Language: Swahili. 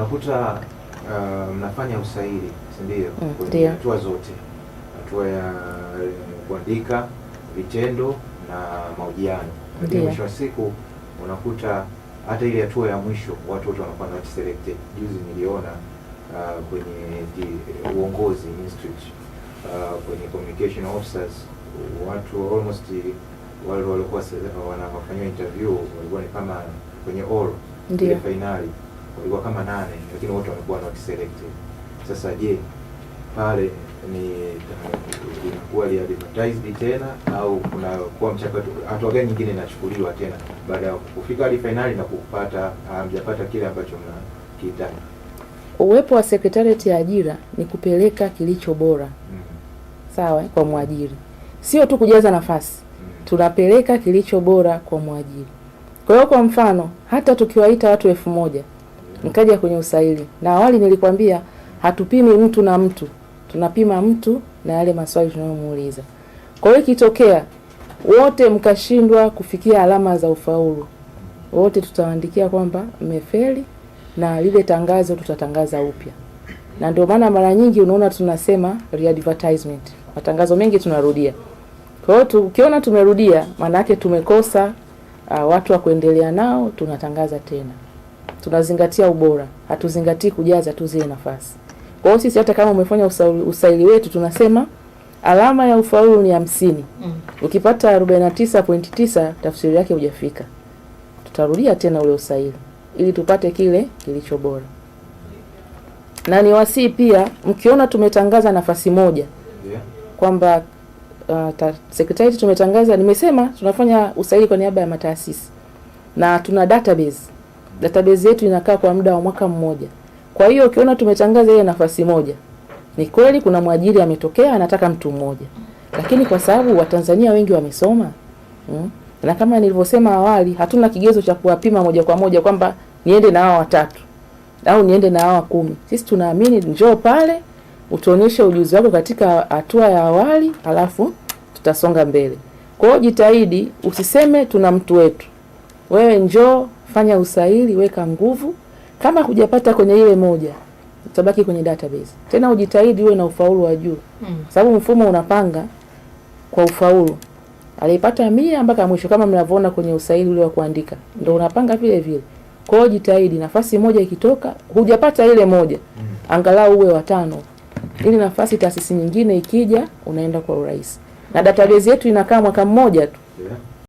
unakuta uh, mnafanya uh, usaili si ndio? Mm, kwenye hatua zote, hatua ya eh, kuandika, vitendo na mahojiano, lakini mwisho wa siku unakuta hata ile hatua ya mwisho watu wote wanakuwa not selected. Juzi niliona uh, kwenye di, eh, uongozi institute uh, kwenye communication officers watu almost wale walikuwa wanafanywa interview walikuwa ni kama kwenye oral ile finali walikuwa kama nane, lakini wote walikuwa not selected. Sasa je, pale ni inakuwa re-advertised tena au kunakuwa mchakato, hatua gani nyingine inachukuliwa tena baada ya kufika hadi fainali na kupata mjapata kile ambacho mnakihitaji? Uwepo wa sekretarieti ya ajira ni kupeleka kilicho bora mm -hmm. Sawa, kwa mwajiri, sio tu kujaza nafasi mm -hmm. Tunapeleka kilicho bora kwa mwajiri. Kwa hiyo, kwa mfano hata tukiwaita watu elfu moja nikaja kwenye usaili, na awali nilikwambia hatupimi mtu na mtu, tunapima mtu na yale maswali tunayomuuliza. Kwa hiyo ikitokea wote mkashindwa kufikia alama za ufaulu, wote tutawaandikia kwamba mmefeli, na lile tangazo tutatangaza upya, na ndio maana mara nyingi unaona tunasema readvertisement, Matangazo mengi tunarudia. Kwa hiyo tukiona tumerudia, maana yake tumekosa uh, watu wa kuendelea nao, tunatangaza tena tunazingatia ubora, hatuzingatii kujaza tu zile nafasi. Kwa hiyo sisi hata kama umefanya usaili wetu tunasema alama ya ufaulu ni hamsini. Mm. Ukipata 49.9 tafsiri yake hujafika. Tutarudia tena ule usaili ili tupate kile kilicho bora. Na wasi pia mkiona tumetangaza nafasi moja. Yeah. Kwamba uh, sekretarieti tumetangaza, nimesema tunafanya usaili kwa niaba ya mataasisi na tuna database database yetu inakaa kwa muda wa mwaka mmoja. Kwa hiyo ukiona tumetangaza ile nafasi moja, ni kweli kuna mwajiri ametokea anataka mtu mmoja, lakini kwa sababu Watanzania wengi wamesoma mm, na kama nilivyosema awali, hatuna kigezo cha kuwapima moja kwa moja kwamba niende na hao watatu au niende na hao kumi. Sisi tunaamini njoo pale utuonyeshe ujuzi wako katika hatua ya awali, alafu tutasonga mbele. Kwa hiyo jitahidi, usiseme tuna mtu wetu, wewe njoo fanya usaili, weka nguvu. Kama hujapata kwenye ile moja, utabaki kwenye database. Tena ujitahidi uwe na ufaulu wa juu mm. sababu mfumo unapanga kwa ufaulu, alipata mia mpaka mwisho, kama mnavyoona kwenye usaili ule wa kuandika, ndio unapanga vile vile. Kwa hiyo jitahidi, nafasi moja ikitoka, hujapata ile moja mm. angalau uwe watano, ili nafasi taasisi nyingine ikija, unaenda kwa urahisi, na database yetu inakaa mwaka mmoja tu yeah.